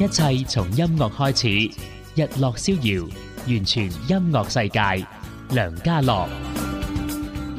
一切從音樂開始，日落逍遙，完全音樂世界。梁嘉樂，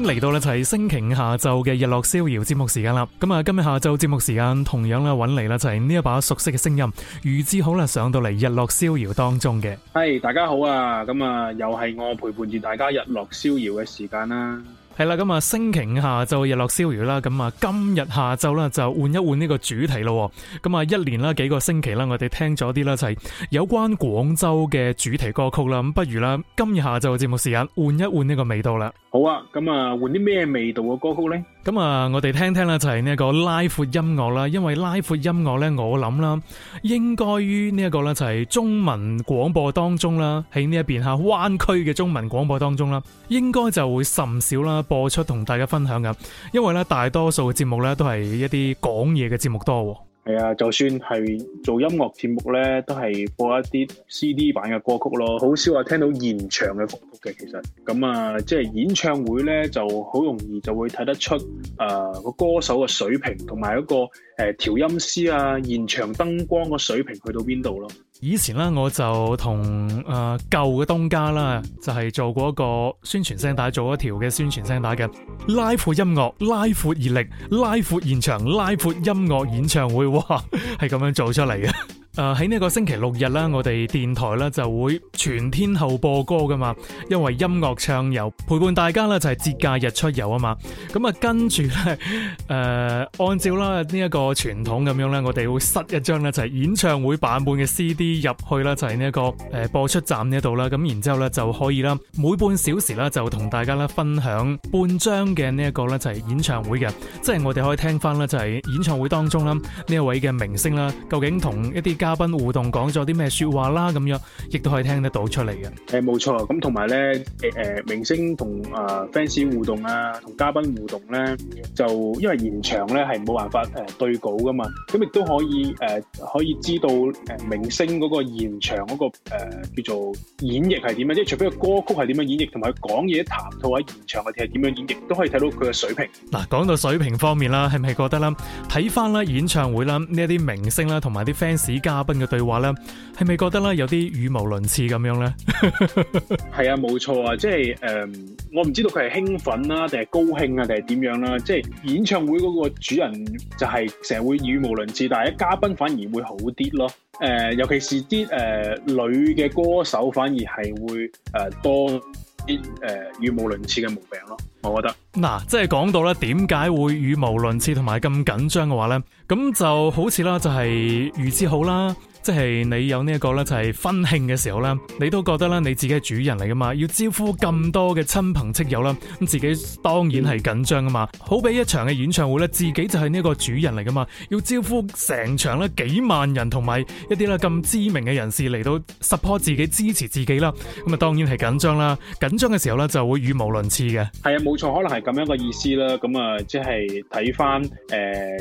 嚟到呢，就係星期五下晝嘅日落逍遙節目時間啦。咁啊，今日下晝節目時間同樣咧揾嚟啦，就係呢一把熟悉嘅聲音，俞志浩啦，上到嚟日落逍遙當中嘅。係、hey, 大家好啊，咁啊，又係我陪伴住大家日落逍遙嘅時間啦。係啦，咁啊，星期五下晝日落逍遙啦，咁啊，今日下晝咧就換一換呢個主題咯。咁啊，一連啦幾個星期啦，我哋聽咗啲啦，就係有關廣州嘅主題歌曲啦。咁不如啦，今日下晝嘅節目時間換一換呢個味道啦。好啊，咁啊，換啲咩味道嘅歌曲咧？咁啊，我哋聽聽啦，就係呢一個拉闊音樂啦，因為拉闊音樂咧，我諗啦，應該於呢一個咧就係中文廣播當中啦，喺呢一邊吓灣區嘅中文廣播當中啦，應該就會甚少啦播出同大家分享噶，因為咧大多數嘅節目咧都係一啲講嘢嘅節目多。係啊，就算係做音樂節目咧，都係播一啲 CD 版嘅歌曲咯，好少話聽到現場嘅歌曲嘅。其實咁啊，即係演唱會咧，就好容易就會睇得出誒個、呃、歌手嘅水平，同埋一個誒、呃、調音師啊，現場燈光嘅水平去到邊度咯。以前咧，我就同誒、呃、舊嘅東家啦，就係、是、做過一個宣傳聲帶，做一條嘅宣傳聲帶嘅拉闊音樂、拉闊熱力、拉闊現場、拉闊音樂演唱會，哇，係咁樣做出嚟嘅。誒、呃，喺呢個星期六日啦，我哋電台咧就會全天候播歌噶嘛，因為音樂暢遊陪伴大家呢就係節假日出遊啊嘛。咁啊，跟住呢，誒、呃，按照啦呢一個傳統咁樣呢，我哋會塞一張呢就係演唱會版本嘅 CD 入去啦，就係呢一個誒播出站呢度啦。咁然之後呢就可以啦，每半小時啦就同大家咧分享半張嘅呢一個呢就係演唱會嘅，即係我哋可以聽翻啦就係演唱會當中啦呢一位嘅明星啦，究竟同一啲家嘉賓互動講咗啲咩說話啦咁樣，亦都可以聽得到出嚟嘅。誒，冇錯，咁同埋咧，誒，明星同誒 fans 互動啊，同嘉賓互動咧，就因為現場咧係冇辦法誒對稿噶嘛，咁亦都可以誒可以知道誒明星嗰個現場嗰個誒叫做演繹係點樣，即係除非個歌曲係點樣演繹，同埋講嘢談吐喺現場係點樣演繹，都可以睇到佢嘅水平。嗱，講到水平方面啦，係咪覺得啦？睇翻啦演唱會啦呢一啲明星啦，同埋啲 fans 嘉賓嘅對話咧，係咪覺得咧有啲語無倫次咁樣咧？係 啊，冇錯啊，即係誒、嗯，我唔知道佢係興奮啦、啊，定係高興啊，定係點樣啦、啊？即係演唱會嗰個主人就係成日會語無倫次，但係嘉賓反而會好啲咯。誒、呃，尤其是啲誒、呃、女嘅歌手反而係會誒、呃、多。啲誒語無倫次嘅毛病咯，我覺得嗱、啊，即係講到咧，點解會語無倫次同埋咁緊張嘅話咧？咁就好似啦，就係預知好啦。即係你有呢一個咧，就係婚慶嘅時候啦。你都覺得啦，你自己係主人嚟噶嘛，要招呼咁多嘅親朋戚友啦，咁自己當然係緊張噶嘛。好比一場嘅演唱會咧，自己就係呢個主人嚟噶嘛，要招呼成場咧幾萬人同埋一啲咧咁知名嘅人士嚟到 support 自己支持自己啦，咁啊當然係緊張啦。緊張嘅時候咧就會語無倫次嘅。係啊，冇錯，可能係咁樣嘅意思啦。咁啊，即係睇翻誒，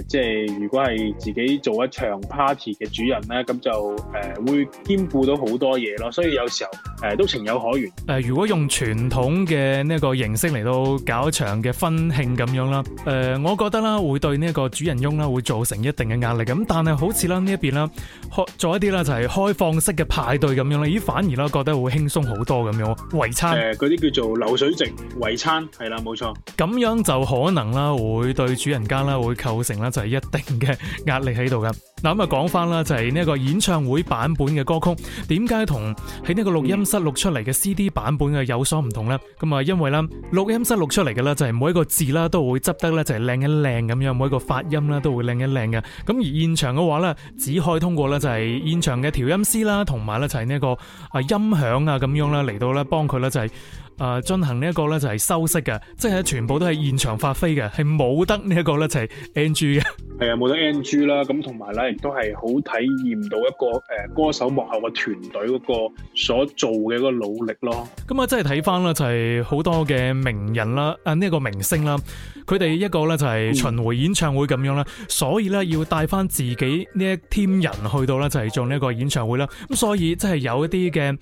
即係如果係自己做一場 party 嘅主人咧，咁就。就誒、呃、會兼顧到好多嘢咯，所以有時候誒、呃、都情有可原。誒、呃、如果用傳統嘅呢一個形式嚟到搞場嘅婚慶咁樣啦，誒、呃、我覺得啦會對呢一個主人翁啦會造成一定嘅壓力咁。但係好似啦呢一邊啦開做一啲啦就係開放式嘅派對咁樣啦，咦、呃、反而啦覺得會輕鬆好多咁樣。圍餐誒嗰啲叫做流水席圍餐係啦，冇錯。咁樣就可能啦會對主人家啦會構成啦就係一定嘅壓力喺度嘅，嗱咁啊講翻啦就係呢一個演演唱會版本嘅歌曲，點解同喺呢個錄音室錄出嚟嘅 CD 版本嘅有所唔同呢？咁啊，因為呢，錄音室錄出嚟嘅呢，就係每一個字啦，都會執得呢，就係靚一靚咁樣，每一個發音啦都會靚一靚嘅。咁而現場嘅話呢，只開通過呢，就係現場嘅調音師啦，同埋呢，就係呢個啊音響啊咁樣啦，嚟到呢，幫佢呢，就係、是。啊，進行呢一個咧就係修飾嘅，即、就、係、是、全部都係現場發揮嘅，係冇得呢一個咧就係 NG 嘅。係啊，冇得 NG 啦。咁同埋咧亦都係好體驗到一個誒、呃、歌手幕後個團隊嗰個所做嘅一個努力咯。咁啊，即係睇翻咧就係好多嘅名人啦，啊呢一、這個明星啦，佢哋一個咧就係巡迴演唱會咁樣啦、嗯，所以咧要帶翻自己呢一 team 人去到咧就係做呢一個演唱會啦。咁所以即係有一啲嘅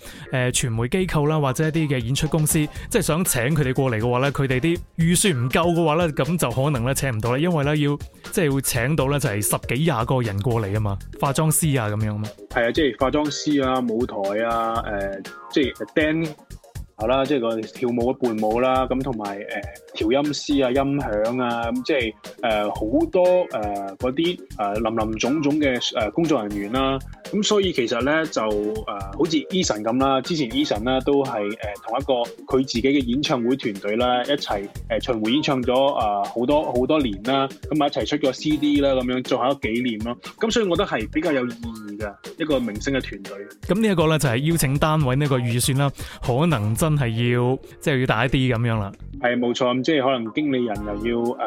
誒傳媒機構啦，或者一啲嘅演出公司。即係想請佢哋過嚟嘅話咧，佢哋啲預算唔夠嘅話咧，咁就可能咧請唔到啦，因為咧要即係要請到咧就係十幾廿個人過嚟啊嘛，化妝師啊咁樣嘛，係啊，即係化妝師啊，舞台啊，誒、呃，即係，dan，好啦，即係個跳舞嘅伴舞啦、啊，咁同埋誒。呃調音師音響啊，音響啊，咁即係誒好多誒嗰啲誒林林種種嘅誒、呃、工作人員啦、啊，咁所以其實咧就誒、呃、好似 Eason 咁啦，之前 Eason 咧都係誒、呃、同一個佢自己嘅演唱會團隊啦一齊誒巡迴演唱咗啊好多好多年啦、啊，咁啊一齊出咗 CD 啦咁樣做下紀念咯、啊，咁所以我覺得係比較有意義嘅一個明星嘅團隊。咁呢一個咧就係、是、邀請單位呢個預算啦，可能真係要即係、就是、要大一啲咁樣啦。係冇錯。即係可能經理人又要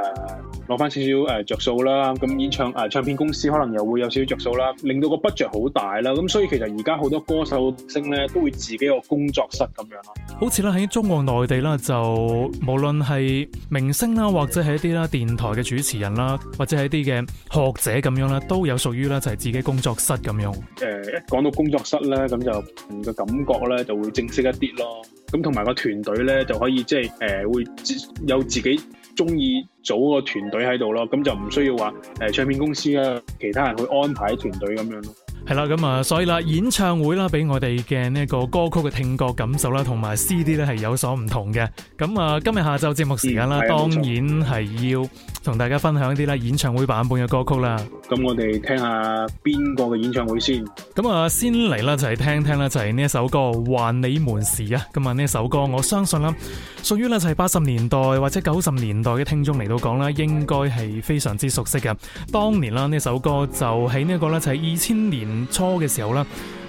攞翻、呃、少少誒，着數啦，咁、呃、演唱、呃、唱片公司可能又會有少少着數啦，令到個 budget 好大啦，咁所以其實而家好多歌手星咧都會自己個工作室咁樣咯。好似咧喺中國內地啦，就無論係明星啦，或者係一啲啦電台嘅主持人啦，或者係一啲嘅學者咁樣啦，都有屬於啦，就係自己工作室咁樣。誒、呃，一講到工作室咧，咁就個感覺咧就會正式一啲咯。咁同埋個團隊咧，就可以即係誒會有自己鍾意組個團隊喺度咯，咁就唔需要話誒唱片公司啊其他人去安排團隊咁樣咯。係啦，咁啊，所以啦，演唱會啦，俾我哋嘅呢一個歌曲嘅聽覺感受啦，同埋 CD 咧，係有所唔同嘅。咁啊，今日下晝節目時間啦，嗯，當然係要同大家分享一啲啦，演唱會版本嘅歌曲啦。咁我哋聽下邊個嘅演唱會先。咁啊，先嚟啦，就係聽聽啦，就係呢一首歌《還你門匙》啊。咁啊，呢首歌我相信啦，屬於咧，就係八十年代或者九十年代嘅聽眾嚟到講咧，應該係非常之熟悉嘅。當年啦，呢首歌就喺呢一個咧就係二千年。初嘅時候啦，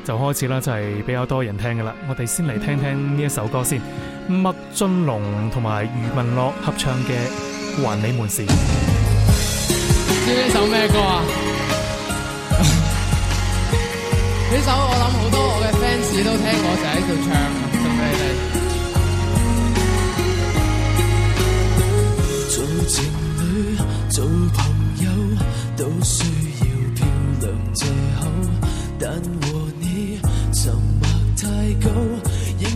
就開始啦，就係、是、比較多人聽噶啦。我哋先嚟聽聽呢一首歌先，麥浚龍同埋余文樂合唱嘅《還你門匙》知呢首咩歌啊？呢 首我諗好多我嘅 fans 都聽過，就喺度唱。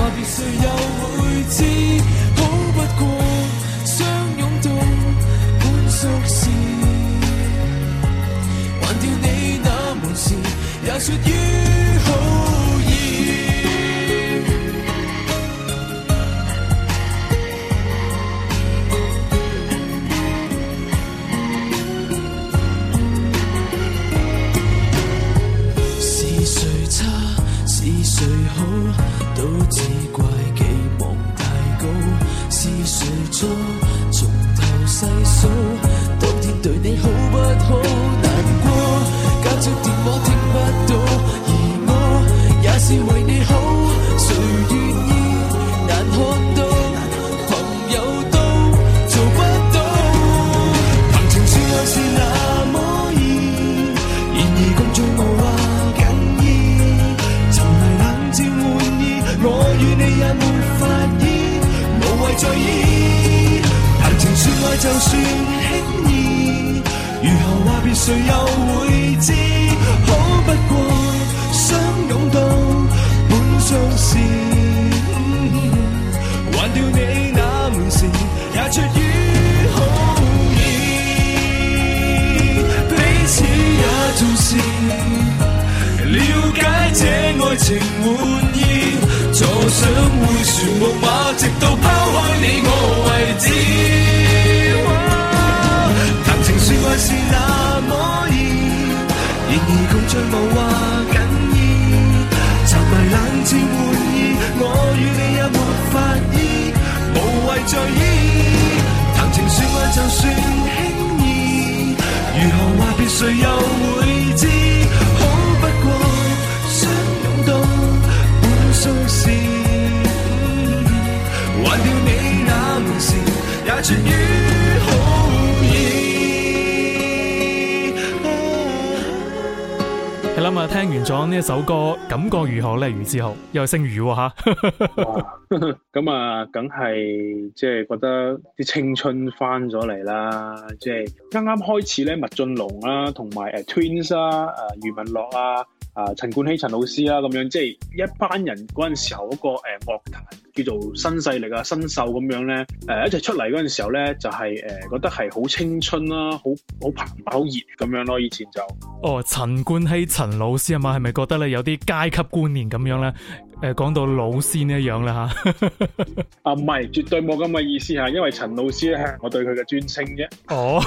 話別誰又會知？直到拋開你我為止，談情說愛是那麼易，然而共聚無話緊要，沉迷冷戰玩意，我與你也無法醫，無謂在意，談情說愛就算輕易，如何話別誰又會？你諗下，聽完咗呢一首歌，感覺如何咧？俞志浩又姓俞喎，吓，咁、就是、啊，梗係即係覺得啲青春翻咗嚟啦，即係啱啱開始咧，麥浚龍啊，同埋誒 Twins 啊，誒余文樂啊。啊，陳冠希、陳老師啦，咁樣即係一班人嗰陣時候嗰個誒、呃、樂壇叫做新勢力啊、新秀咁樣咧，誒、呃、一齊出嚟嗰陣時候咧，就係、是、誒、呃、覺得係好青春啦，好好澎好熱咁樣咯。以前就哦，陳冠希、陳老師啊嘛，係咪覺得咧有啲階級觀念咁樣咧？誒，講到老師呢樣啦吓， 啊唔係，絕對冇咁嘅意思吓，因為陳老師咧，係我對佢嘅尊稱啫。哦，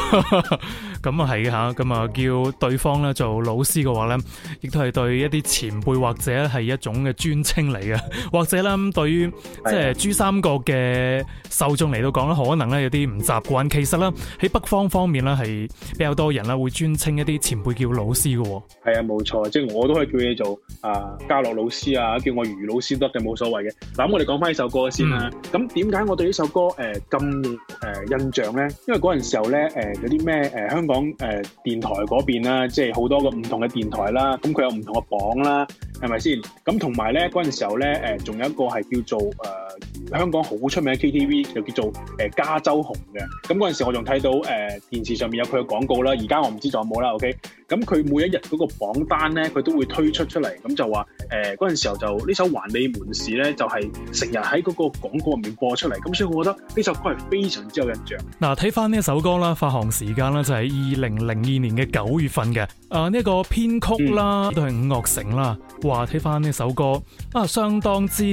咁啊係吓，咁啊、嗯、叫對方咧做老師嘅話咧，亦都係對一啲前輩或者係一種嘅尊稱嚟嘅，或者咧、嗯、對於即係珠三角嘅受眾嚟到講咧，可能咧有啲唔習慣。其實咧喺北方方面咧係比較多人啦，會尊稱一啲前輩叫老師嘅。係啊，冇錯，即、就、係、是、我都可以叫你做啊，嘉、呃、樂老師啊，叫我老師得嘅，冇所謂嘅，嗱，咁我哋講翻呢首歌先啦。咁點解我對呢首歌誒咁誒印象咧？因為嗰陣時候咧誒嗰啲咩誒香港誒、呃、電台嗰邊啦，即係好多個唔同嘅電台啦，咁佢有唔同嘅榜啦。係咪先？咁同埋咧，嗰陣時候咧，誒，仲有一個係叫做誒、呃，香港好出名嘅 KTV，就叫做誒、呃、加州紅嘅。咁嗰陣時候我仲睇到，誒、呃、電視上面有佢嘅廣告啦。而家我唔知仲有冇啦。OK，咁佢每一日嗰個榜單咧，佢都會推出出嚟。咁就話誒，嗰、呃、陣時候就呢首《還你門匙》咧，就係成日喺嗰個廣告入面播出嚟。咁所以我覺得呢首歌係非常之有印象。嗱，睇翻呢一首歌啦，發行時間咧就係二零零二年嘅九月份嘅。啊，呢、這個編曲啦、嗯、都係伍樂城啦。話睇翻呢首歌啊，相當之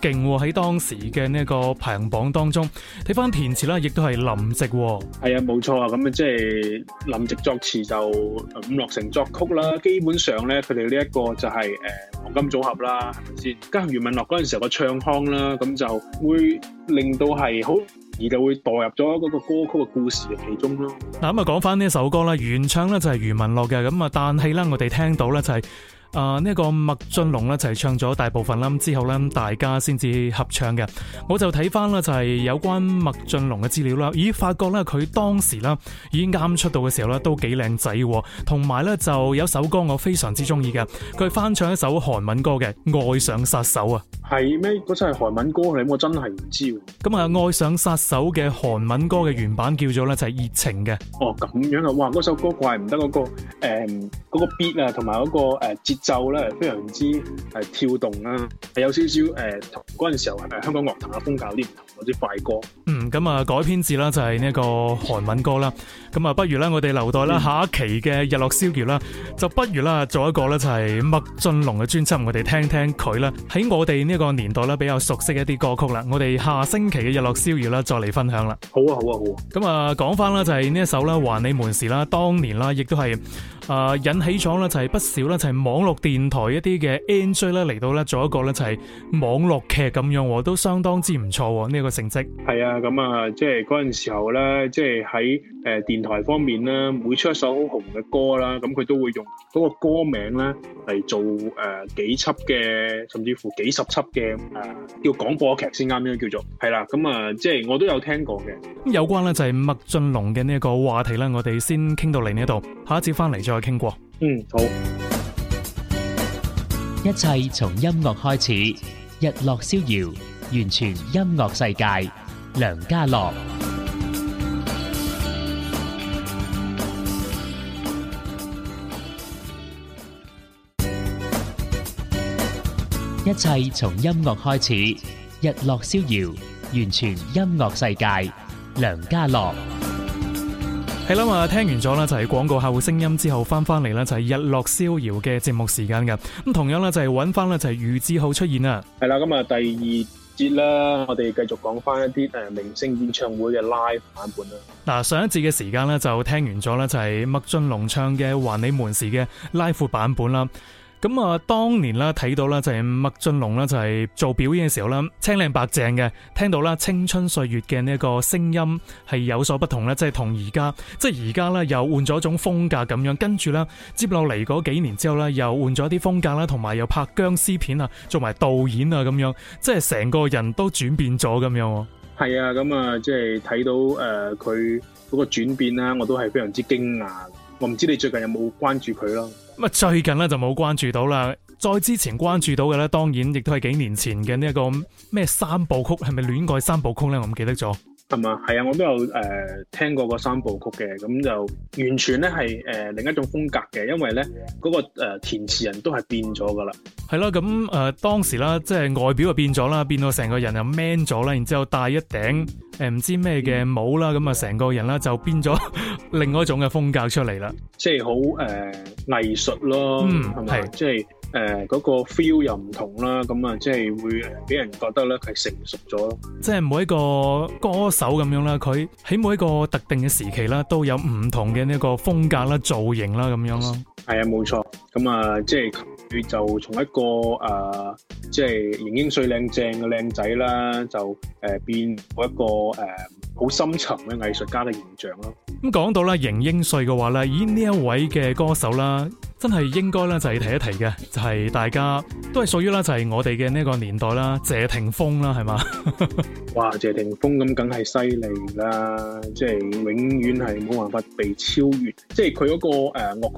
勁，喺當時嘅呢個排行榜當中。睇翻填詞啦，亦都係林夕。係啊，冇錯啊。咁啊，即係林夕作詞就伍樂、呃、成作曲啦。基本上咧，佢哋呢一個就係、是、誒、呃、黃金組合啦，係咪先？加上余文樂嗰陣時候嘅唱腔啦，咁就會令到係好易就會代入咗嗰個歌曲嘅故事嘅其中咯。嗱咁啊，講翻呢一首歌啦，原唱咧就係余文樂嘅。咁啊，但係啦，我哋聽到咧就係、是。啊，呢、這個麥浚龍咧就係、是、唱咗大部分啦，之後咧大家先至合唱嘅。我就睇翻啦就係、是、有關麥浚龍嘅資料啦。咦，發覺咧佢當時啦，已經啱出道嘅時候咧都幾靚仔，同埋咧就有首歌我非常之中意嘅，佢翻唱一首韓文歌嘅、嗯《愛上殺手》啊。係咩？嗰首係韓文歌嚟？我真係唔知。咁啊，《愛上殺手》嘅韓文歌嘅原版叫做咧就係《熱情》嘅。哦，咁樣啊！哇，嗰首歌怪唔得嗰、那個誒嗰、嗯那個 beat 啊，同埋嗰個誒、呃就咧非常之係跳動啦，係有少少誒，同嗰陣時候誒香港樂壇嘅風格啲唔同，或者快歌。嗯，咁啊改編自啦，就係、是、呢個韓文歌啦。咁啊，不如咧我哋留待啦、嗯、下一期嘅日落逍遙啦，就不如啦做一個咧就係麥浚龍嘅專輯，我哋聽聽佢啦。喺我哋呢個年代咧比較熟悉一啲歌曲啦，我哋下星期嘅日落逍遙啦再嚟分享啦。好啊，好啊，好啊。咁啊講翻啦，就係、是、呢一首啦，還你門匙啦，當年啦、啊，亦都係。啊！引起咗咧，就係不少咧，就係網絡電台一啲嘅 N.J. 咧嚟到咧，做一個咧就係網絡劇咁樣，都相當之唔錯呢一個成績。係啊，咁啊，即係嗰陣時候咧，即係喺誒電台方面咧，每出一首好紅嘅歌啦，咁佢都會用嗰個歌名咧嚟做誒幾輯嘅，甚至乎幾十輯嘅誒叫廣播劇先啱，樣叫做係啦。咁啊，即係我都有聽過嘅。咁有關咧就係麥浚龍嘅呢一個話題咧，我哋先傾到嚟呢一度，下一節翻嚟再再傾過。嗯，好。一切從音樂開始，日落逍遙，完全音樂世界，梁嘉樂。一切從音樂開始，日落逍遙，完全音樂世界，梁嘉樂。係啦，啊，聽完咗啦，就係廣告客戶聲音之後翻翻嚟，啦，就係日落逍遙嘅節目時間噶。咁同樣咧就係揾翻咧就係俞志浩出現啊。係啦，咁啊第二節啦，我哋繼續講翻一啲誒明星演唱會嘅 live 版本啦。嗱，上一節嘅時間呢就聽完咗咧就係麥浚龍唱嘅《還你門匙》嘅 live 版本啦。咁啊，當年啦，睇到啦就係麥浚龍啦就係、是、做表演嘅時候啦，青靚白淨嘅，聽到啦青春歲月嘅呢個聲音係有所不同啦，即係同而家，即係而家啦又換咗種風格咁樣，跟住啦接落嚟嗰幾年之後啦又換咗啲風格啦，同埋又拍僵屍片啊，做埋導演啊咁樣，即係成個人都轉變咗咁樣。係啊，咁啊即係睇到誒佢嗰個轉變啦，我都係非常之驚訝。我唔知你最近有冇關注佢咯？最近呢就冇關注到喇。再之前關注到嘅呢，當然亦都係幾年前嘅呢、這個個咩三部曲，係是咪是戀愛三部曲呢？我唔記得咗。係嘛？係啊！我都有誒、呃、聽過個三部曲嘅，咁就完全咧係誒另一種風格嘅，因為咧嗰、那個、呃、填詞人都係變咗噶啦。係啦、啊，咁誒、呃、當時啦，即係外表就變咗啦，變到成個人又 man 咗啦，然之後戴一頂誒唔、呃、知咩嘅帽啦，咁啊成個人啦就變咗 另外一種嘅風格出嚟啦，即係好誒藝術咯，係、嗯、即係。誒，嗰個 feel 又唔同啦，咁啊，即係會俾人覺得咧係成熟咗咯。即係每一個歌手咁樣啦，佢喺每一個特定嘅時期啦，都有唔同嘅呢個風格啦、造型啦咁樣咯。係啊，冇錯。咁啊，即係佢就從一個啊，即係型英帥靚正嘅靚仔啦，就誒變到一個誒好深層嘅藝術家嘅形象咯。咁講到啦，型英帥嘅話咧，以呢一位嘅歌手啦。真係應該咧，就係提一提嘅，就係大家都係屬於啦，就係我哋嘅呢個年代啦，謝霆鋒啦，係嘛？哇，謝霆鋒咁梗係犀利啦，即係永遠係冇辦法被超越，即係佢嗰個誒樂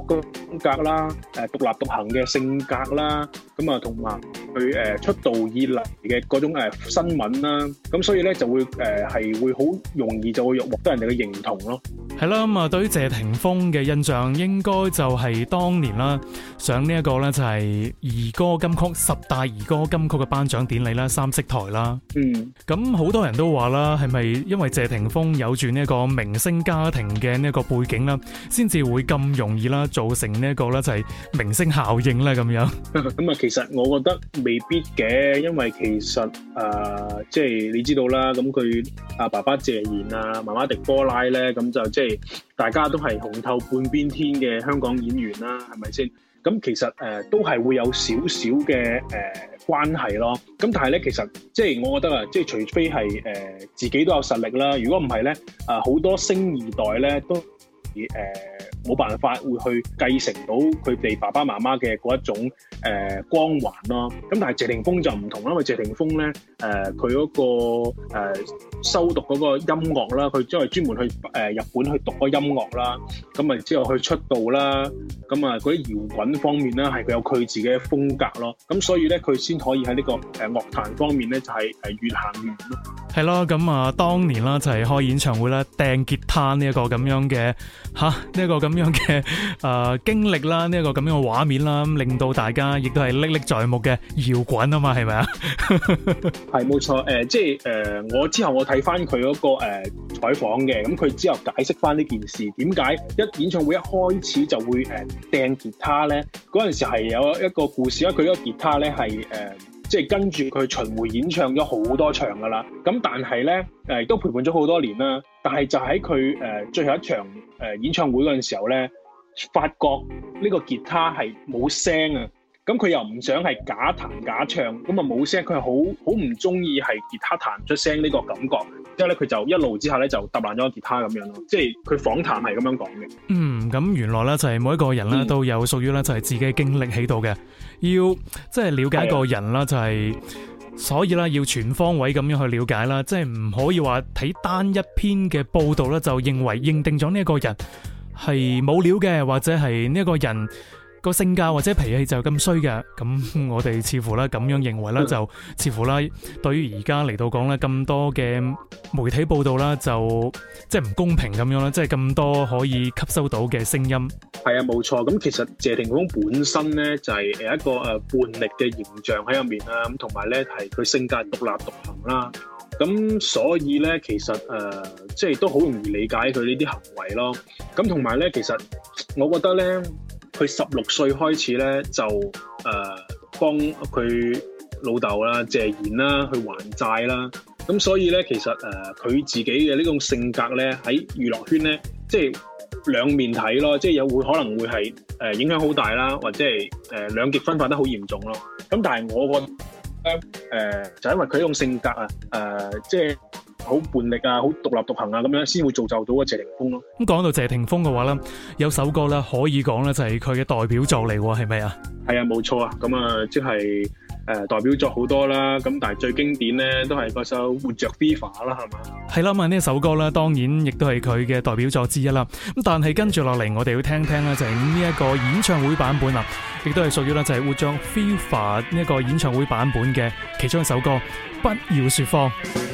風格啦，誒獨立獨行嘅性格啦，咁啊同埋佢誒出道以嚟嘅嗰種誒新聞啦，咁所以咧就會誒係會好容易就會獲得人哋嘅認同咯。係啦，咁啊對於謝霆鋒嘅印象，應該就係當年。啦，上呢一個咧就係兒歌金曲十大兒歌金曲嘅頒獎典禮啦，三色台啦。嗯，咁好多人都話啦，係咪因為謝霆鋒有住呢一個明星家庭嘅呢一個背景啦，先至會咁容易啦，造成呢一個咧就係明星效應啦咁樣。咁啊，其實我覺得未必嘅，因為其實誒，即係你知道啦，咁佢阿爸爸謝賢啊，媽媽狄波拉咧，咁就即係。大家都係紅透半邊天嘅香港演員啦，係咪先？咁其實誒、呃、都係會有少少嘅誒關係咯。咁但係咧，其實即係我覺得啊，即係除非係誒、呃、自己都有實力啦。如果唔係咧，啊、呃、好多星二代咧都誒冇、呃、辦法會去繼承到佢哋爸爸媽媽嘅嗰一種誒、呃、光環咯。咁但係謝霆鋒就唔同啦，因為謝霆鋒咧誒佢嗰個、呃修讀嗰個音樂啦，佢即係專門去誒、呃、日本去讀嗰音樂啦，咁啊之後去出道啦，咁啊嗰啲搖滾方面咧，係佢有佢自己嘅風格咯，咁所以咧佢先可以喺呢個誒樂壇方面咧，就係、是、誒越行越遠咯。係咯，咁啊當年啦，就係、是、開演唱會啦，掟吉他呢一個咁樣嘅吓呢一個咁樣嘅誒、呃、經歷啦，呢、這、一個咁樣嘅畫面啦，咁令到大家亦都係歷歷在目嘅搖滾啊嘛，係咪啊？係 冇錯誒、呃、即係誒、呃、我之後我睇。睇翻佢嗰個誒、呃、採訪嘅，咁佢之後解釋翻呢件事，點解一演唱會一開始就會誒掟、呃、吉他咧？嗰陣時係有一個故事咯，佢呢個吉他咧係誒即係跟住佢巡迴演唱咗好多場噶啦，咁但係咧誒都陪伴咗好多年啦，但係就喺佢誒最後一場誒、呃、演唱會嗰陣時候咧，發覺呢個吉他係冇聲啊！咁佢又唔想係假彈假唱，咁啊冇聲，佢好好唔中意係吉他彈出聲呢個感覺。之後咧，佢就一路之下咧就揼爛咗吉他咁樣咯。即係佢訪談係咁樣講嘅。嗯，咁原來咧就係每一個人啦都有屬於咧就係自己嘅經歷喺度嘅。要即係、就係、了解一個人啦，就係，就、嗯、係所以啦，要全方位咁樣去了解啦。即係唔可以話睇單一篇嘅報道咧，就認為認定咗呢一個人係冇料嘅，或者係呢一個人。個性格或者脾氣就咁衰嘅，咁我哋似乎啦咁樣認為啦，就似乎啦對於而家嚟到講咧咁多嘅媒體報道啦，就即係唔公平咁樣啦，即係咁多可以吸收到嘅聲音係啊，冇錯。咁其實謝霆鋒本身咧就係誒一個誒叛逆嘅形象喺入面啊，咁同埋咧係佢性格獨立獨行啦，咁所以咧其實誒即係都好容易理解佢呢啲行為咯。咁同埋咧，其實我覺得咧。佢十六歲開始咧就誒幫佢老豆啦、謝賢啦、去還債啦，咁所以咧其實誒佢、呃、自己嘅呢種性格咧喺娛樂圈咧即係兩面睇咯，即係有會可能會係誒、呃、影響好大啦，或者係誒兩極分化得好嚴重咯。咁但係我覺誒、呃、就因為佢呢種性格啊誒、呃、即係。好叛逆啊，好獨立獨行啊，咁樣先會造就到阿謝霆鋒咯，啊。咁講到謝霆鋒嘅話咧，有首歌咧可以講咧就係佢嘅代表作嚟，係咪啊？係啊，冇錯啊。咁、呃、啊，即係誒代表作好多啦。咁但係最經典咧都係嗰首《活着》VIVA 啦，係嘛？係啦，咁啊呢首歌咧，當然亦都係佢嘅代表作之一啦。咁但係跟住落嚟，我哋要聽聽咧就係呢一個演唱會版本啊，亦都係屬於咧就係《活着》VIVA 呢一個演唱會版本嘅其中一首歌， 不要說謊。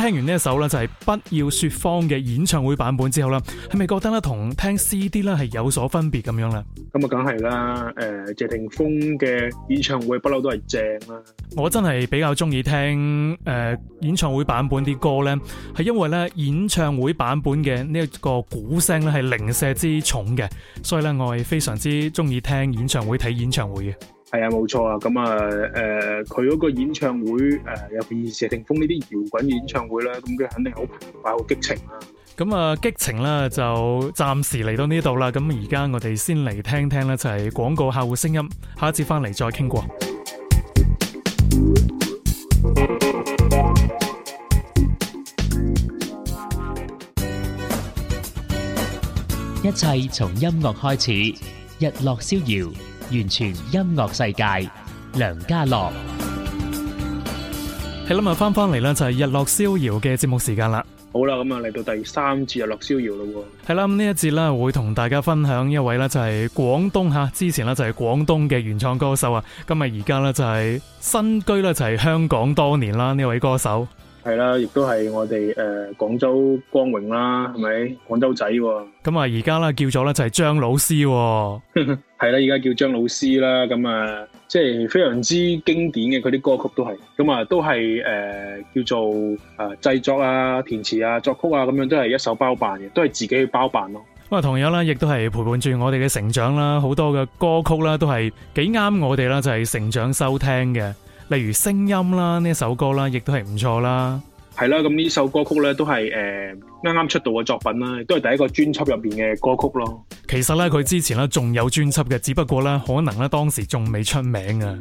聽完呢一首咧就係、是、不要說謊嘅演唱會版本之後咧，係咪覺得咧同聽 C D 咧係有所分別咁樣呢？咁啊，梗係啦，誒，謝霆鋒嘅演唱會不嬲都係正啦，啊。我真係比較中意聽誒、呃、演唱會版本啲歌呢，係因為咧演唱會版本嘅呢一個鼓聲咧係零舍之重嘅，所以咧我係非常之中意聽演唱會睇演唱會嘅。係啊，冇錯啊，咁啊，誒，佢嗰個演唱會誒，入面謝霆鋒呢啲搖滾演唱會咧，咁佢肯定好澎湃好激情啦。咁啊，激情咧就暫時嚟到呢度啦。咁而家我哋先嚟聽聽咧，就係廣告客戶聲音。下一次翻嚟再傾過。一切從音樂開始，日落逍遙。完全音樂世界，梁嘉樂。係啦，咁啊翻翻嚟呢，就係日落逍遙嘅節目時間啦。好啦，咁啊嚟到第三節日落逍遙咯。係啦，咁呢一節呢，會同大家分享一位呢，就係廣東吓，之前呢，就係廣東嘅原創歌手啊。今日而家呢，就係新居呢就係、是、香港多年啦，呢位歌手。係啦，亦都係我哋誒廣州光榮啦，係咪？廣州仔咁啊，而家啦叫咗咧就係張老師、啊，係 啦，而家叫張老師啦。咁啊，即係非常之經典嘅嗰啲歌曲都係，咁啊都係誒、呃、叫做誒製、呃、作啊、填詞啊、作曲啊咁樣都係一手包辦嘅，都係自己去包辦咯。咁啊，同樣啦，亦都係陪伴住我哋嘅成長啦，好多嘅歌曲啦，都係幾啱我哋啦，就係、是、成長收聽嘅。例如聲音啦，呢首歌啦，亦都係唔錯啦。係啦，咁呢首歌曲咧都係誒啱啱出道嘅作品啦，亦都係第一個專輯入邊嘅歌曲咯。其實咧佢之前咧仲有專輯嘅，只不過咧可能咧當時仲未出名啊。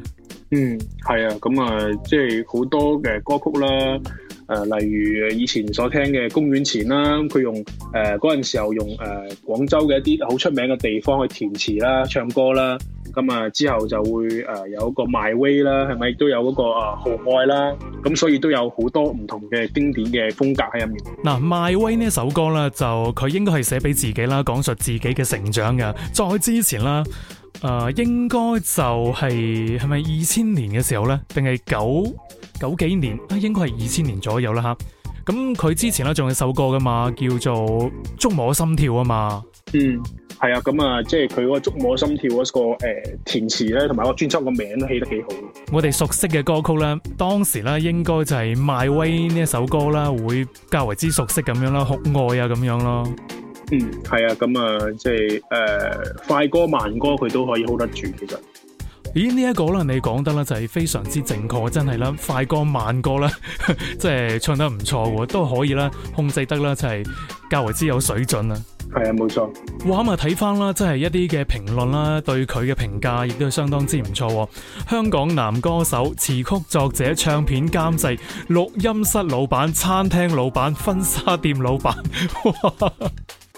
嗯，係啊，咁啊，即係好多嘅歌曲啦。誒、啊，例如以前所聽嘅《公園前》啦、嗯，佢用誒嗰陣時候用誒、呃、廣州嘅一啲好出名嘅地方去填詞啦、唱歌啦，咁、嗯、啊之後就會誒、呃、有、有一個《My Way》啦，係咪都有嗰個啊愛啦？咁、嗯、所以都有好多唔同嘅經典嘅風格喺入面。嗱、啊，《My Way》呢首歌啦就佢應該係寫俾自己啦，講述自己嘅成長嘅。再之前啦，誒、呃、應該就係係咪二千年嘅時候呢，定係九？九幾年啊，應該係二千年左右啦吓。咁佢之前咧仲有首歌噶嘛，叫做《觸摸心跳》啊嘛。嗯，係啊。咁啊，即係佢嗰個《觸摸心跳》嗰個誒填詞咧，同埋個專輯個名都起得幾好。我哋熟悉嘅歌曲咧，當時咧應該就係《賣威》呢一首歌啦，會較為之熟悉咁樣啦，酷愛啊咁樣咯。嗯，係啊。咁啊、就是，即係誒快歌慢歌，佢都可以 hold 得住，其實。咦，呢一個咧，你講得咧就係非常之正確，真係啦，快歌慢歌啦，即係唱得唔錯，都可以啦，控制得啦，就係較為之有水準啊。係啊，冇錯。哇，咁啊睇翻啦，即係一啲嘅評論啦，對佢嘅評價亦都相當之唔錯。香港男歌手、詞曲作者、唱片監製、錄音室老闆、餐廳老闆、婚紗店老闆，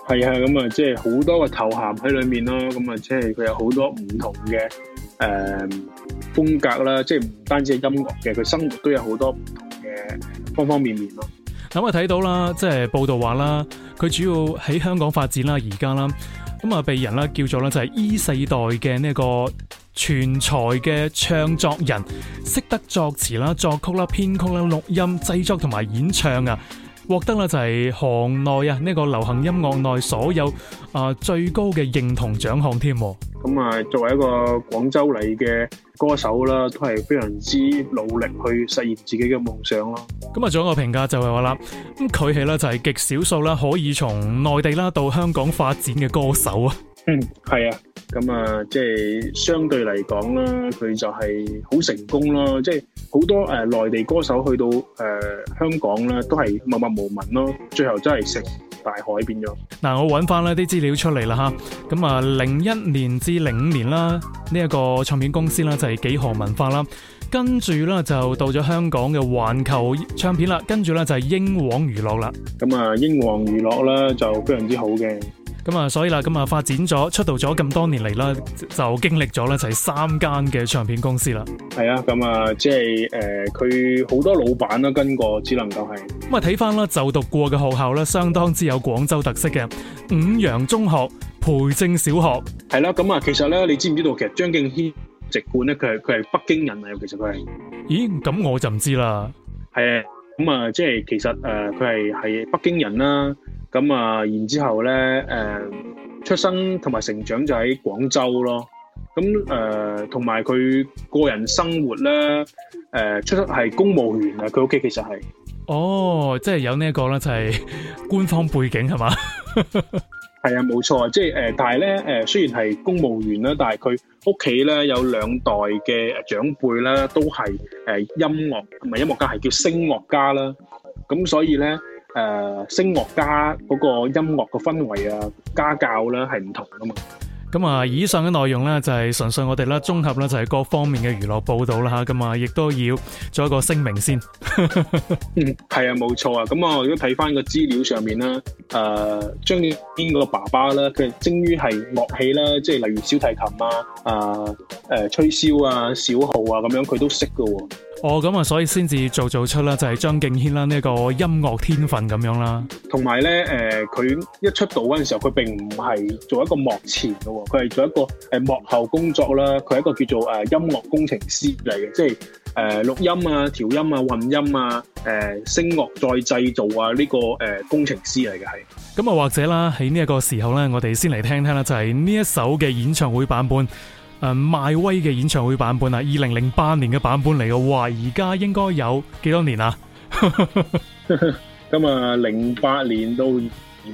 係啊，咁啊，即係好多個頭銜喺裏面咯。咁啊，即係佢有好多唔同嘅。誒、嗯，風格啦，即係唔單止係音樂嘅，佢生活都有好多唔同嘅方方面面咯。咁、嗯、啊，睇到啦，即係報道話啦，佢主要喺香港發展啦，而家啦，咁啊，被人啦叫做啦就係 E 世代嘅呢個全才嘅唱作人，識得作詞啦、作曲啦、編曲啦、錄音製作同埋演唱啊。獲得啦就係行內啊呢個流行音樂內所有啊、呃、最高嘅認同獎項添。咁啊作為一個廣州嚟嘅歌手啦，都係非常之努力去實現自己嘅夢想咯。咁啊仲有一個評價就係話啦，咁佢係咧就係極少數啦可以從內地啦到香港發展嘅歌手啊。嗯，係啊，咁啊，即係相對嚟講啦，佢就係好成功咯，即係好多誒內地歌手去到誒香港咧，都係默默無聞咯，最後真係成大海變咗。嗱，我揾翻咧啲資料出嚟啦，吓，咁啊，零一年至零五年啦，呢一個唱片公司啦就係幾何文化啦，跟住咧就到咗香港嘅環球唱片啦，跟住咧就係英皇娛樂啦，咁啊英皇娛樂咧就非常之好嘅。咁啊，所以啦，咁啊，發展咗出道咗咁多年嚟啦，就經歷咗咧就係三間嘅唱片公司啦。係啊，咁啊，即係誒，佢好多老闆啦跟過，只能夠係。咁啊，睇翻啦，就讀過嘅學校咧，相當之有廣州特色嘅五羊中學、培正小學。係啦，咁啊，其實咧，你知唔知道？其實張敬軒籍貫咧，佢係佢係北京人嚟。其實佢係。咦？咁我就唔知啦。係啊，咁啊，即係其實誒，佢係係北京人啦。咁啊，然之後咧，誒、呃、出生同埋成長就喺廣州咯。咁誒，同埋佢個人生活咧，誒、呃、出生係公務員啊。佢屋企其實係哦，即係有呢一個啦，就係官方背景係嘛？係 啊，冇錯。即係誒、呃，但係咧，誒、呃、雖然係公務員啦，但係佢屋企咧有兩代嘅長輩啦，都係誒音樂唔係音樂家，係叫聲樂家啦。咁所以咧。誒、呃，聲樂家嗰個音樂嘅氛圍啊，家教啦，係唔同噶嘛。咁、嗯、啊，以上嘅內容咧就係、是、純粹我哋啦綜合啦，就係各方面嘅娛樂報道啦吓咁啊，亦都要做一個聲明先。 嗯，係啊，冇錯啊。咁啊，如果睇翻個資料上面啦，誒、呃，張敬軒個爸爸啦，佢係精於係樂器啦，即係例如小提琴啊，誒、啊呃，吹簫啊，小號啊，咁樣佢都識噶喎。哦，咁啊，所以先至做做出啦，就係、是、張敬軒啦呢個音樂天分咁樣啦。同埋咧，誒、呃，佢一出道嗰陣時候，佢並唔係做一個幕前嘅，佢係做一個誒幕後工作啦。佢係一個叫做誒音樂工程師嚟嘅，即係誒錄音啊、調音啊、混音啊、誒聲樂再製造啊呢、這個誒、呃、工程師嚟嘅係。咁啊，或者啦，喺呢一個時候咧，我哋先嚟聽聽啦，就係呢一首嘅演唱會版本。誒、啊，邁威嘅演唱會版本啊，二零零八年嘅版本嚟嘅，哇！而家應該有幾多、啊、 多年啦？咁啊，零八年到而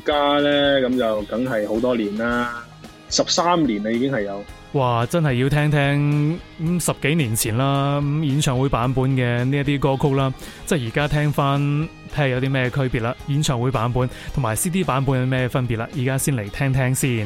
家咧，咁就梗係好多年啦，十三年啦，已經係有。哇！真係要聽聽咁、嗯、十幾年前啦，嗯、演唱會版本嘅呢一啲歌曲啦，即係而家聽翻，睇下有啲咩區別啦？演唱會版本同埋 CD 版本有咩分別啦？而家先嚟聽聽先。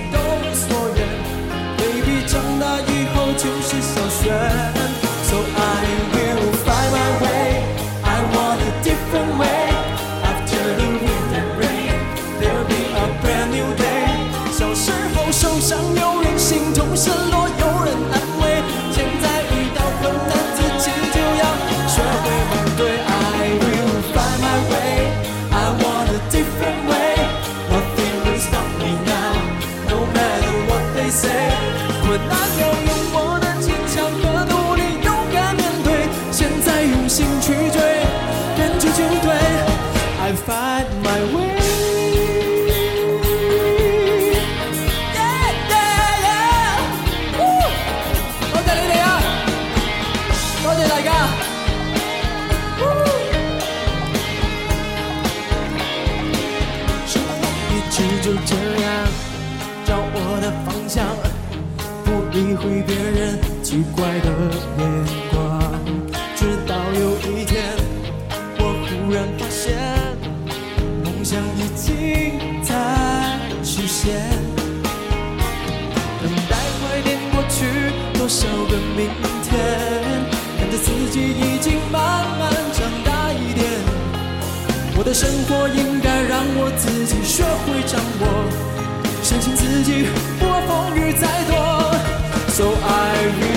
長大以後就是小學。自己學會掌握，相信自己，不管風雨再多。So I。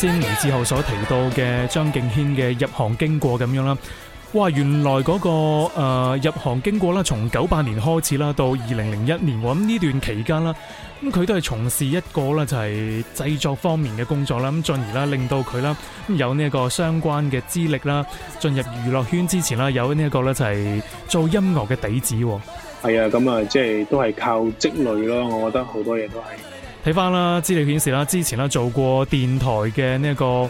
先而之後所提到嘅張敬軒嘅入行經過咁樣啦，哇！原來嗰個誒入行經過啦，從九八年開始啦，到二零零一年喎，咁呢段期間啦，咁佢都係從事一個咧就係製作方面嘅工作啦，咁進而啦令到佢啦有呢一個相關嘅資歷啦，進入娛樂圈之前啦，有呢一個咧就係做音樂嘅底子。係啊，咁啊，即係都係靠積累咯，我覺得好多嘢都係。睇翻啦，資料顯示啦，之前啦做過電台嘅呢個啊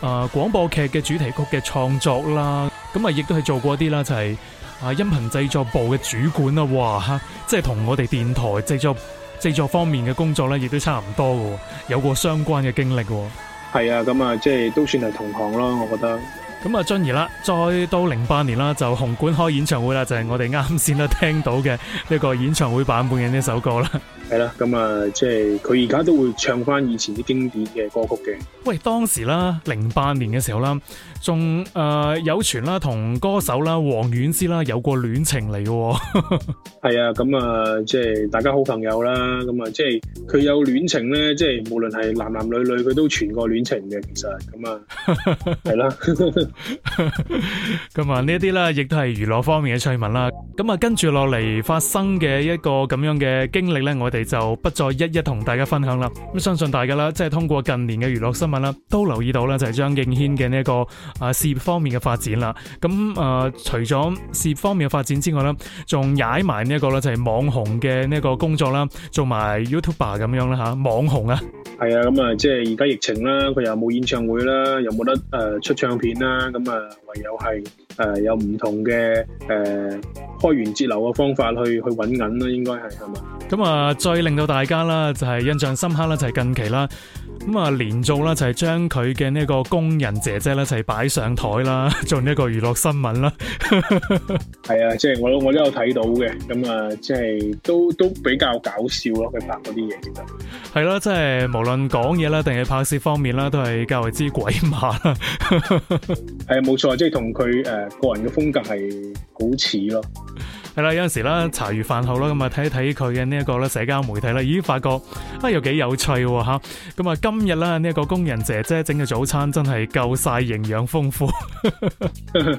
呃，廣播劇嘅主題曲嘅創作啦，咁啊亦都係做過啲啦，就係啊音頻製作部嘅主管啦，哇，即係同我哋電台製作製作方面嘅工作咧，亦都差唔多喎，有過相關嘅經歷喎。係啊，咁啊即係都算係同行啦，我覺得。咁啊，進而啦，再到零八年啦，就紅館開演唱會啦，就係、是、我哋啱先啦聽到嘅呢個演唱會版本嘅呢首歌啦。係啦，咁啊，即係佢而家都會唱翻以前啲經典嘅歌曲嘅。喂，當時啦，零八年嘅時候啦，仲誒有傳啦，同歌手啦黃婉詩啦有過戀情嚟嘅。係啊，咁啊，即係大家好朋友啦，咁啊，即係佢有戀情咧，即係無論係男男女女，佢都傳過戀情嘅。其實咁啊，係啦。咁啊，呢啲啦，亦都係娛樂方面嘅趣聞啦。咁啊，跟住落嚟發生嘅一個咁樣嘅經歷咧，我。就不再一一同大家分享啦。咁相信大家啦，即係通過近年嘅娛樂新聞啦，都留意到啦、這個，就係張敬軒嘅呢一個啊事業方面嘅發展啦。咁啊，除咗事業方面嘅發、啊、發展之外啦，仲踩埋呢一個咧，就係、是、網紅嘅呢一個工作啦，做埋 YouTuber 咁樣啦，吓、啊、網紅啊，係啊，咁啊，即係而家疫情啦，佢又冇演唱會啦，又冇得誒出唱片啦，咁啊，唯有係。誒、呃，有唔同嘅誒、呃、開源節流嘅方法去去揾銀咯，應該係係嘛？咁啊，最令到大家啦，就係、是、印象深刻啦、啊，就係、是、近期啦，咁啊，連續啦、啊，就係將佢嘅呢個工人姐姐咧、啊，就係、是、擺上台啦，做呢一個娛樂新聞啦。係 啊，即、就、係、是、我我都有睇到嘅，咁啊，即、就、係、是、都都比較搞笑咯、啊，佢拍嗰啲嘢，其實係咯，即、就、係、是、無論講嘢啦，定係拍攝方面啦，都係較為之鬼馬。係啊，冇 錯、欸，即係同佢誒。就是個人嘅風格係好似咯。係啦，有陣時啦，茶餘飯後啦，咁啊睇一睇佢嘅呢一個咧社交媒體啦，已經發覺啊又幾有趣吓。咁啊，今日啦呢一個工人姐姐整嘅早餐真係夠晒營養豐富。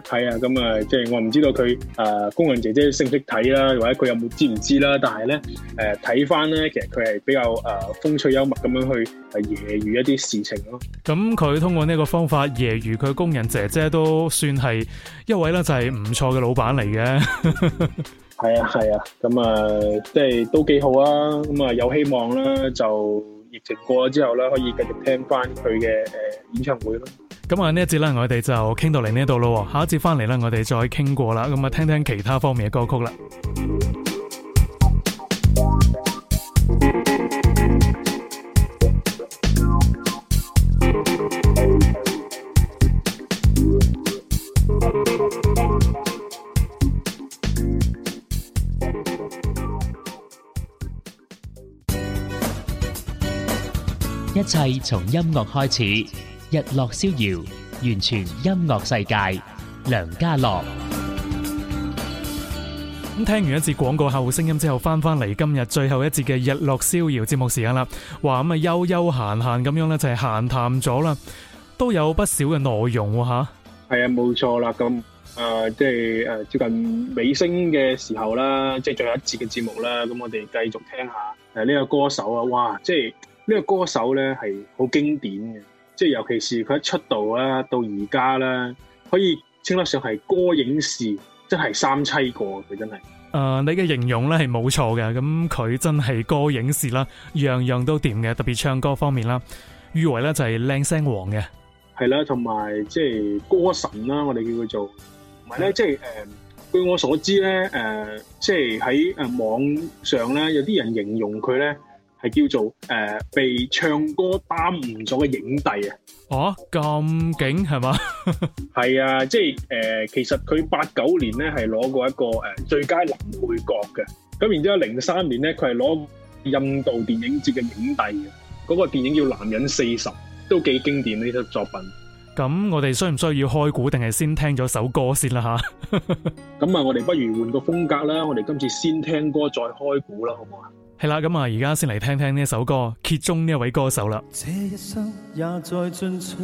係 啊，咁啊，即係我唔知道佢，誒、呃、工人姐姐識唔識睇啦，或者佢有冇知唔知啦。但係咧誒睇翻咧，其實佢係比較誒、呃、風趣幽默咁樣去揶揄一啲事情咯。咁佢通過呢個方法揶揄佢工人姐姐，都算係一位咧就係唔錯嘅老闆嚟嘅。 係啊係啊，咁啊即係都幾好啊，咁啊有希望啦，就疫情過咗之後咧，可以繼續聽翻佢嘅誒演唱會咯。咁啊呢一節咧，我哋就傾到嚟呢度咯，下一節翻嚟咧，我哋再傾過啦，咁啊聽聽其他方面嘅歌曲啦。一切從音樂開始，日落逍遙，完全音樂世界。梁家樂，咁聽完一節廣告後聲音之後，翻翻嚟，今日最後一節嘅日落逍遙節目時間啦。哇，咁啊悠悠閒閒咁樣咧，就係閒談咗啦，都有不少嘅內容吓。係啊，冇錯啦。咁誒，即係誒，接近尾聲嘅時候啦，即係最後一節嘅節目啦。咁我哋繼續聽下誒呢個歌手啊，哇，即係。呢、這個歌手咧係好經典嘅，即係尤其是佢一出道啦，到而家啦，可以稱得上係歌影視，即係三棲個佢真係。誒、呃，你嘅形容咧係冇錯嘅，咁佢真係歌影視啦，樣樣都掂嘅，特別唱歌方面啦，譽為咧就係靚聲王嘅，係啦，同埋即係歌神啦，我哋叫佢做，同埋咧即係誒，據我所知咧，誒、呃，即係喺誒網上咧，有啲人形容佢咧。係叫做誒、呃，被唱歌耽誤咗嘅影帝啊！哦，咁勁係嘛？係 啊，即係誒、呃，其實佢八九年咧係攞過一個誒、呃、最佳男配角嘅，咁然之後零三年咧佢係攞印度電影節嘅影帝嘅，嗰、嗰個電影叫《男人四十》，都幾經典呢套作品。咁我哋需唔需要開估，定係先聽咗首歌先啦吓？咁啊，我哋不如換個風格啦，我哋今次先聽歌再開估啦，好唔好啊？係啦，咁啊，而家先嚟聽聽呢首歌，揭中呢一位歌手啦。這一生也在進取，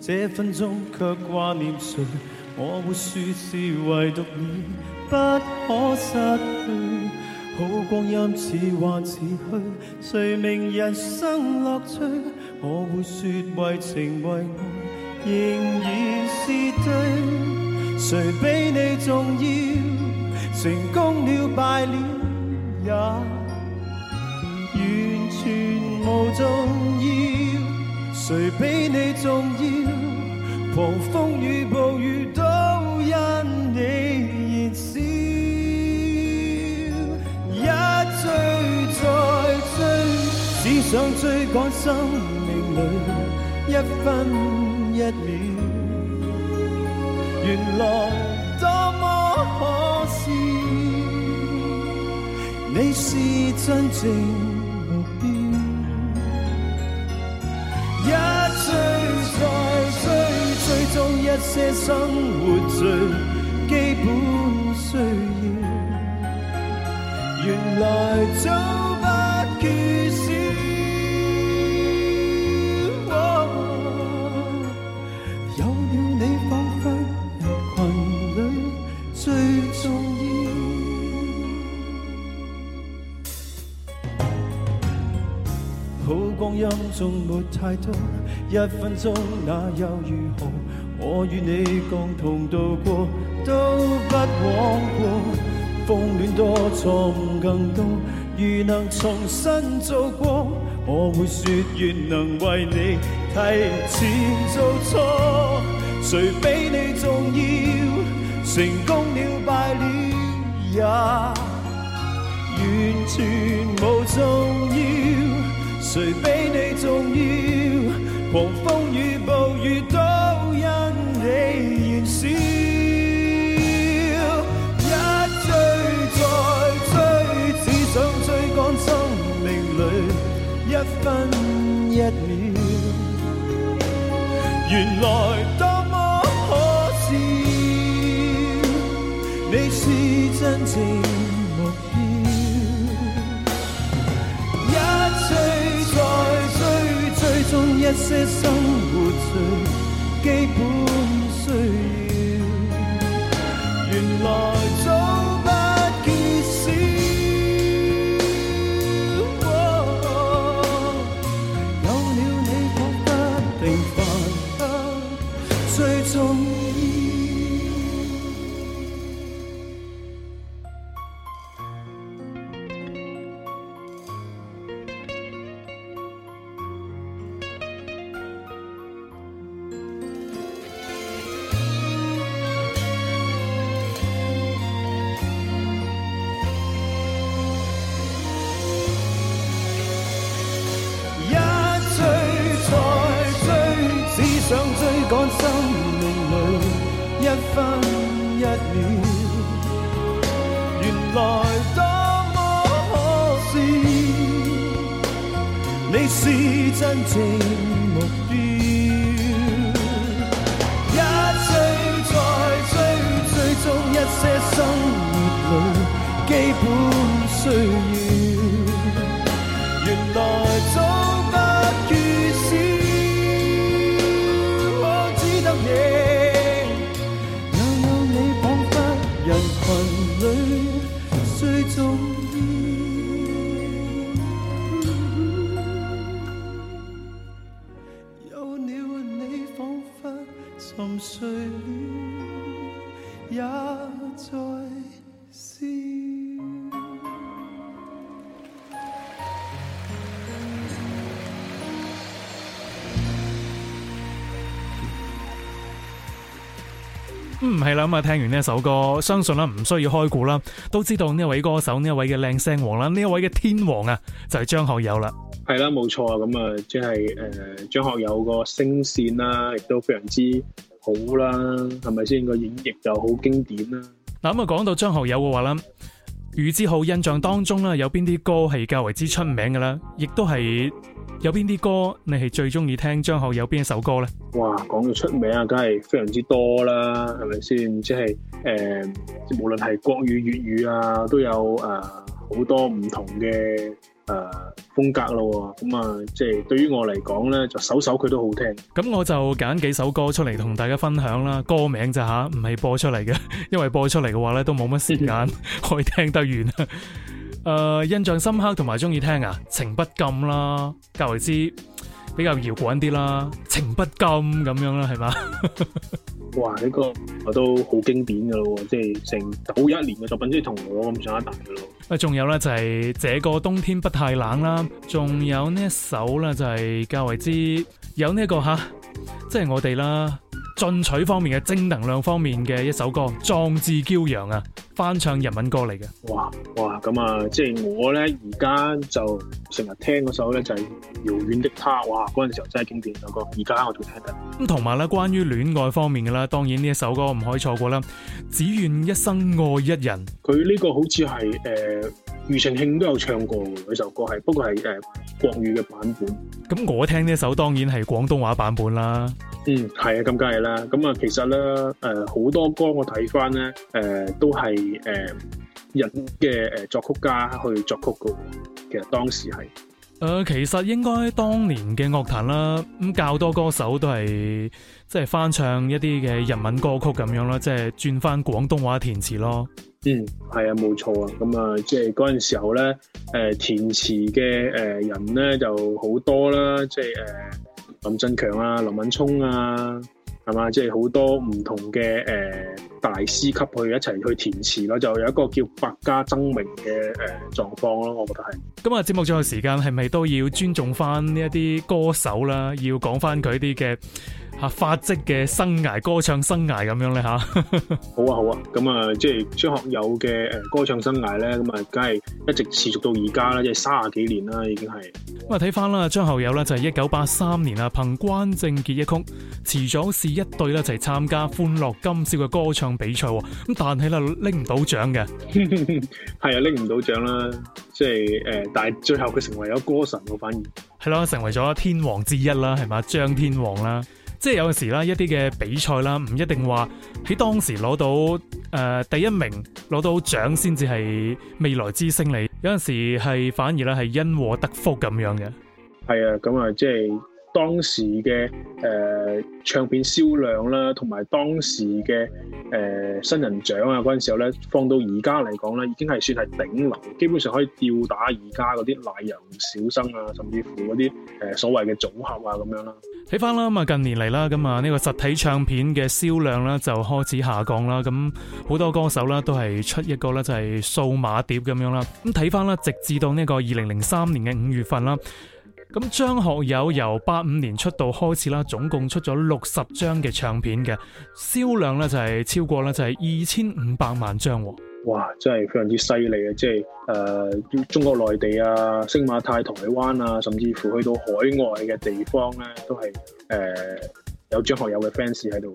這分鐘卻掛念誰？我會說是唯獨你不可失去。好光陰似幻似虛，誰明人生樂趣？我會說為情為愛仍然是對，誰比你重要？成功了敗了也，完全無重要，誰比你重要？狂風與暴雨都因你燃燒，一追再追，只想追趕生命裏一分一秒。原來多麼可笑，你是真正。一追再追，追蹤一些生活最基本需要。原來。好光陰總沒太多，一分鐘那又如何？我與你共同渡過都不枉過。風戀多，錯誤更多，如能重新做過，我會說願能為你提前做錯。誰比你重要？成功了，了，敗了也完全無重要。誰比你重要？狂風與暴雨都因你燃燒，一追再追，只想追趕生命裏一分一秒。原來都。一些生活最基本需要，生命裏一分一秒，原來多麼可笑，你是真正咁啊，聽完呢一首歌，相信啦，唔需要開估啦，都知道呢一位歌手，呢一位嘅靚聲王啦，呢一位嘅天王啊，就係張學友啦。係啦，冇錯啊，咁啊，即係誒，張學友個聲線啦，亦都非常之好啦，係咪先？個演繹就好經典啦。嗱，咁啊，講到張學友嘅話啦。俞志浩印象當中咧，有邊啲歌係較為之出名嘅咧？亦都係有邊啲歌，你係最中意聽張學友邊一首歌咧？哇，講到出名啊，梗係非常之多啦，係咪先？即係誒，無論係國語、粵語啊，都有誒呃、好多唔同嘅。誒，風格咯，咁啊，即係對於我嚟講呢，就首首佢都好聽。咁我就揀幾首歌出嚟同大家分享啦，歌名就吓，唔係播出嚟嘅，因為播出嚟嘅話呢，都冇乜時間可以聽得完。誒、 uh,，印象深刻同埋中意聽啊，《情不禁》啦，較為之比較搖滾啲啦，《情不禁》咁樣啦，係嘛。哇！呢、這個我都好經典噶咯，即係成九一年嘅作品，即、就、係、是、同我咁上一大噶咯。啊，仲有咧就係這個冬天不太冷啦，仲有呢一首咧就係較為之有呢、這、一個吓，即、啊、係、就是、我哋啦進取方面嘅正能量方面嘅一首歌《壯志驕陽》啊。翻唱日文歌嚟嘅，哇哇咁啊！即係我咧，而家就成日聽嗰首咧就係、是《遙遠的她》，哇！嗰陣時候真係經典首歌，而家我仲聽得。咁同埋咧，關於戀愛方面嘅啦，當然呢一首歌唔可以錯過啦，《只願一生愛一人》。佢呢個好似係誒庾澄慶都有唱過嗰首歌，係不過係誒國語嘅版本。咁我聽呢一首當然係廣東話版本啦。嗯，係啊，咁梗係啦。咁、嗯、啊，其實咧誒好多歌我睇翻咧誒都係。誒、呃，人嘅誒作曲家去作曲噶，其實當時係誒、呃，其實應該當年嘅樂壇啦，咁較多歌手都係即係翻唱一啲嘅日文歌曲咁樣啦，即係轉翻廣東話填詞咯。嗯，係啊，冇錯啊，咁啊，即係嗰陣時候咧，誒、呃，填詞嘅誒人咧就好多啦，即係誒、呃，林振強啊，林敏聰啊。係嘛，即係好多唔同嘅誒大師級去一齊去填詞咯，就有一個叫百家爭鳴嘅誒狀況咯，我覺得係今日節目最後時間係咪都要尊重翻呢一啲歌手啦，要講翻佢啲嘅。吓，發跡嘅生涯、歌唱生涯咁樣咧，吓 好啊，好啊，咁啊，即係張學友嘅誒，歌唱生涯咧，咁啊，梗係一直持續到而家啦，即係三啊幾年啦，已經係。咁啊，睇翻啦，張學友咧就係一九八三年啊，憑關正傑一曲，遲早是一對啦，就係參加歡樂今宵嘅歌唱比賽，咁但係啦，拎唔到獎嘅，係 啊，拎唔到獎啦，即係誒，但係最後佢成為咗歌神咯，我反而係咯，成為咗天王之一啦，係咪？張天王啦。即係有陣時啦，一啲嘅比賽啦，唔一定話喺當時攞到誒、呃、第一名，攞到獎先至係未來之星嚟。有陣時係反而咧係因禍得福咁樣嘅。係啊，咁啊即係。當時嘅誒、呃、唱片銷量啦，同埋當時嘅誒、呃、新人獎啊，嗰陣時候咧，放到而家嚟講咧，已經係算係頂流，基本上可以吊打而家嗰啲奶油小生啊，甚至乎嗰啲誒所謂嘅組合啊咁樣啦。睇返啦，咁啊近年嚟啦，咁啊呢個實體唱片嘅銷量啦，就開始下降啦。咁好多歌手啦，都係出一個咧，就係數碼碟咁樣啦。咁睇返啦，直至到呢個二零零三年嘅五月份啦。咁張學友由八五年出道開始啦，總共出咗六十張嘅唱片嘅銷量咧就係超過咧就係二千五百萬張，哇！真係非常之犀利啊！即係誒、呃，中國內地啊、星馬泰、台灣啊，甚至乎去到海外嘅地方咧，都係誒、呃、有張學友嘅 fans 喺度。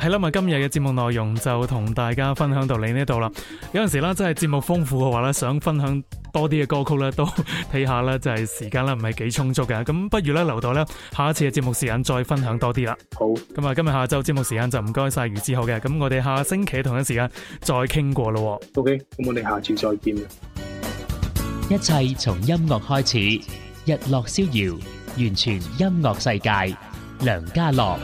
喺啦，今日嘅節目內容就同大家分享到你呢度啦。有陣時啦，真係節目豐富嘅話咧，想分享多啲嘅歌曲咧，都睇下咧，就係、是、時間啦，唔係幾充足嘅。咁不如咧留待咧下一次嘅節目時間再分享多啲啦。好，咁啊，今日下晝節目時間就唔該晒俞志浩嘅。咁我哋下星期同一時間再傾過咯。O K，咁我哋下次再見。一切從音樂開始，日樂逍遙，完全音樂世界，梁嘉樂。